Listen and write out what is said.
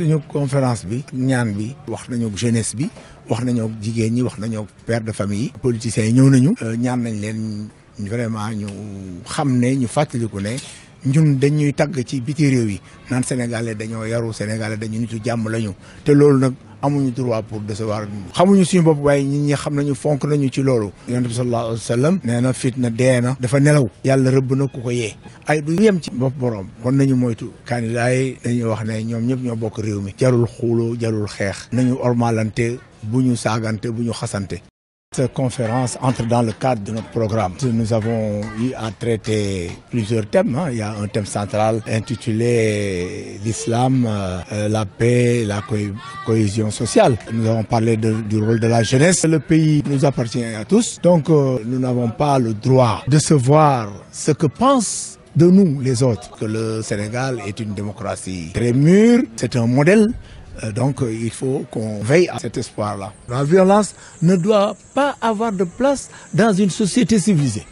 suñu conférence bi ñaan bi wax nañu jeunesse bi wax nañu jigéen ñi wax nañu père de famille politiciens yi ñëw nañu euh, ñaan nañ leen vraiment ñu xam ne ñu fàttaliku ne ñun dañuy tagg ci biti réew yi naan sénégalais dañoo yaru sénégalais dañu nitu jàmm lañu te loolu nag amuñu droit pour décevoir xamuñu suñu bopp waaye nit ñi xam nañu fonk nañu ci loolu yonent bi sallallahu alayhi wa sallam nee na fitna dee na dafa nelaw yàlla rëbb na ku ko yee ay du yem ci bopp boroom kon nañu moytu candidat yi dañuy wax ne ñoom ñëpp ñoo bokk réew mi jarul xuuloo jarul xeex nañu ormalante bu ñu saagante bu ñu xasante Cette conférence entre dans le cadre de notre programme. Nous avons eu à traiter plusieurs thèmes. Hein. Il y a un thème central intitulé l'islam, euh, euh, la paix, la cohésion sociale. Nous avons parlé du rôle de la jeunesse. Le pays nous appartient à tous, donc euh, nous n'avons pas le droit de se voir ce que pensent de nous les autres, que le Sénégal est une démocratie très mûre, c'est un modèle euh, donc euh, il faut qu'on veille à cet espoir-là. La violence ne doit pas avoir de place dans une société civilisée.